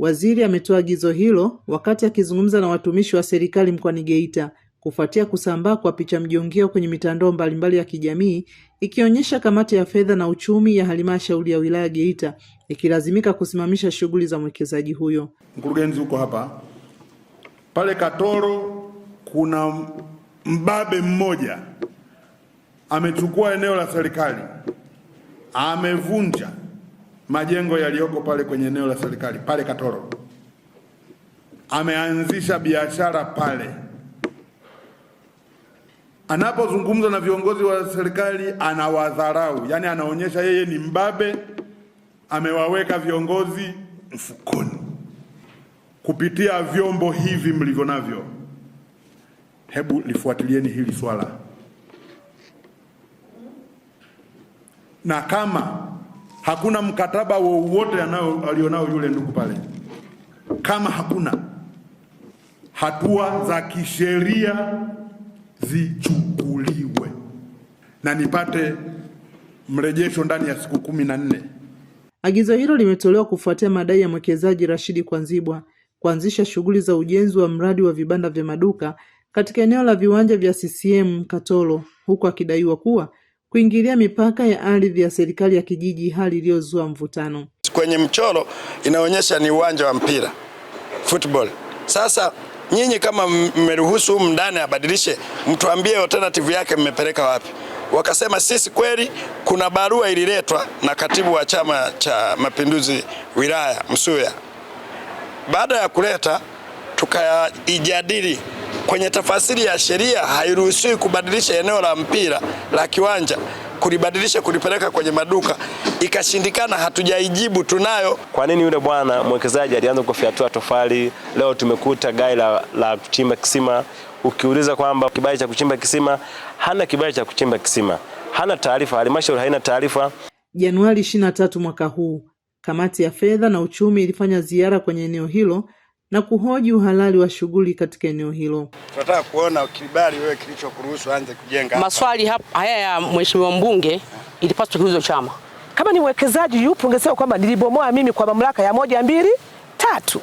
Waziri ametoa agizo hilo wakati akizungumza na watumishi wa serikali mkoani Geita kufuatia kusambaa kwa picha mjongeo kwenye mitandao mbalimbali ya kijamii ikionyesha kamati ya fedha na uchumi ya halmashauri ya wilaya Geita ikilazimika kusimamisha shughuli za mwekezaji huyo. Mkurugenzi, huko hapa pale Katoro kuna mbabe mmoja amechukua eneo la serikali amevunja majengo yaliyoko pale kwenye eneo la serikali pale Katoro, ameanzisha biashara pale. Anapozungumza na viongozi wa serikali anawadharau, yaani anaonyesha yeye ni mbabe, amewaweka viongozi mfukoni kupitia vyombo hivi mlivyo navyo. Hebu lifuatilieni hili swala, na kama Hakuna mkataba wowote alionao yule ndugu pale. Kama hakuna hatua za kisheria zichukuliwe, na nipate mrejesho ndani ya siku kumi na nne. Agizo hilo limetolewa kufuatia madai ya mwekezaji Rashidi Kwanzibwa kuanzisha shughuli za ujenzi wa mradi wa vibanda vya maduka katika eneo la viwanja vya CCM Katoro, huku akidaiwa kuwa kuingilia mipaka ya ardhi ya serikali ya kijiji, hali iliyozua mvutano. Kwenye mchoro inaonyesha ni uwanja wa mpira football. Sasa nyinyi kama mmeruhusu humu ndani abadilishe, mtuambie alternative yake mmepeleka wapi? Wakasema sisi kweli, kuna barua ililetwa na katibu wa Chama cha Mapinduzi wilaya Msuya. Baada ya kuleta tukaijadili kwenye tafasiri ya sheria hairuhusiwi kubadilisha eneo la mpira la kiwanja kulibadilisha kulipeleka kwenye maduka ikashindikana, hatujaijibu tunayo. Kwa nini yule bwana mwekezaji alianza kufyatua tofali? Leo tumekuta gari la, la kuchimba kisima, ukiuliza kwamba kibali cha kuchimba kisima, hana kibali cha kuchimba kisima, hana taarifa, halmashauri haina taarifa. Januari 23 mwaka huu kamati ya fedha na uchumi ilifanya ziara kwenye eneo hilo na kuhoji uhalali wa shughuli katika eneo hilo. Tunataka kuona kibali wewe kilichokuruhusu anze kujenga. Maswali hapa haya ya mheshimiwa mbunge ilipaswa kuulizwa chama. Kama ni mwekezaji yupo, ungesema kwamba nilibomoa mimi kwa mamlaka ya moja mbili tatu.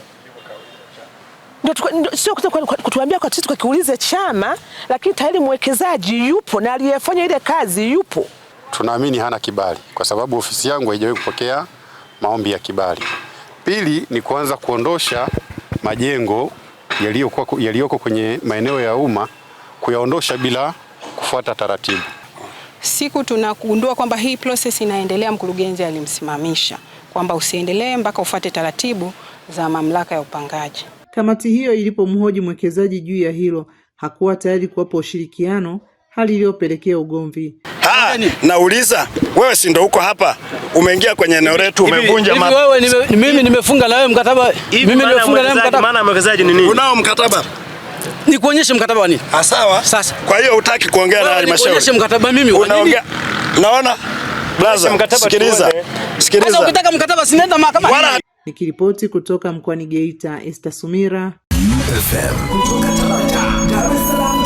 Ndio, sio kutuambia kwa sisi tukiulize chama, lakini tayari mwekezaji yupo na aliyefanya ile kazi yupo. Tunaamini hana kibali kwa sababu ofisi yangu haijawahi kupokea maombi ya kibali. Pili ni kuanza kuondosha majengo yaliyokuwa yaliyoko kwenye maeneo ya umma kuyaondosha bila kufuata taratibu. Siku tunagundua kwamba hii process inaendelea, mkurugenzi alimsimamisha kwamba usiendelee mpaka ufuate taratibu za mamlaka ya upangaji. Kamati hiyo ilipomhoji mwekezaji juu ya hilo, hakuwa tayari kuwapa ushirikiano, hali iliyopelekea ugomvi. Ah, nauliza wewe, si ndo uko hapa, umeingia kwenye eneo letu, umevunja mimi. wewe nime, mimi Nimefunga na wewe mkataba, mimi nimefunga na mkataba. maana mwekezaji ni nini? Unao mkataba ni kuonyesha mkataba wa nini? Ah, sawa. Sasa. Kwa hiyo hutaki kuongea na halmashauri. Kuonyesha mkataba mimi wa nini? Naona blaza. Sikiliza. Sikiliza. Sasa ukitaka mkataba sinaenda mahakama. Nikiripoti kutoka mkoani Geita, Esther Sumira, FM, kutoka Dar es Salaam.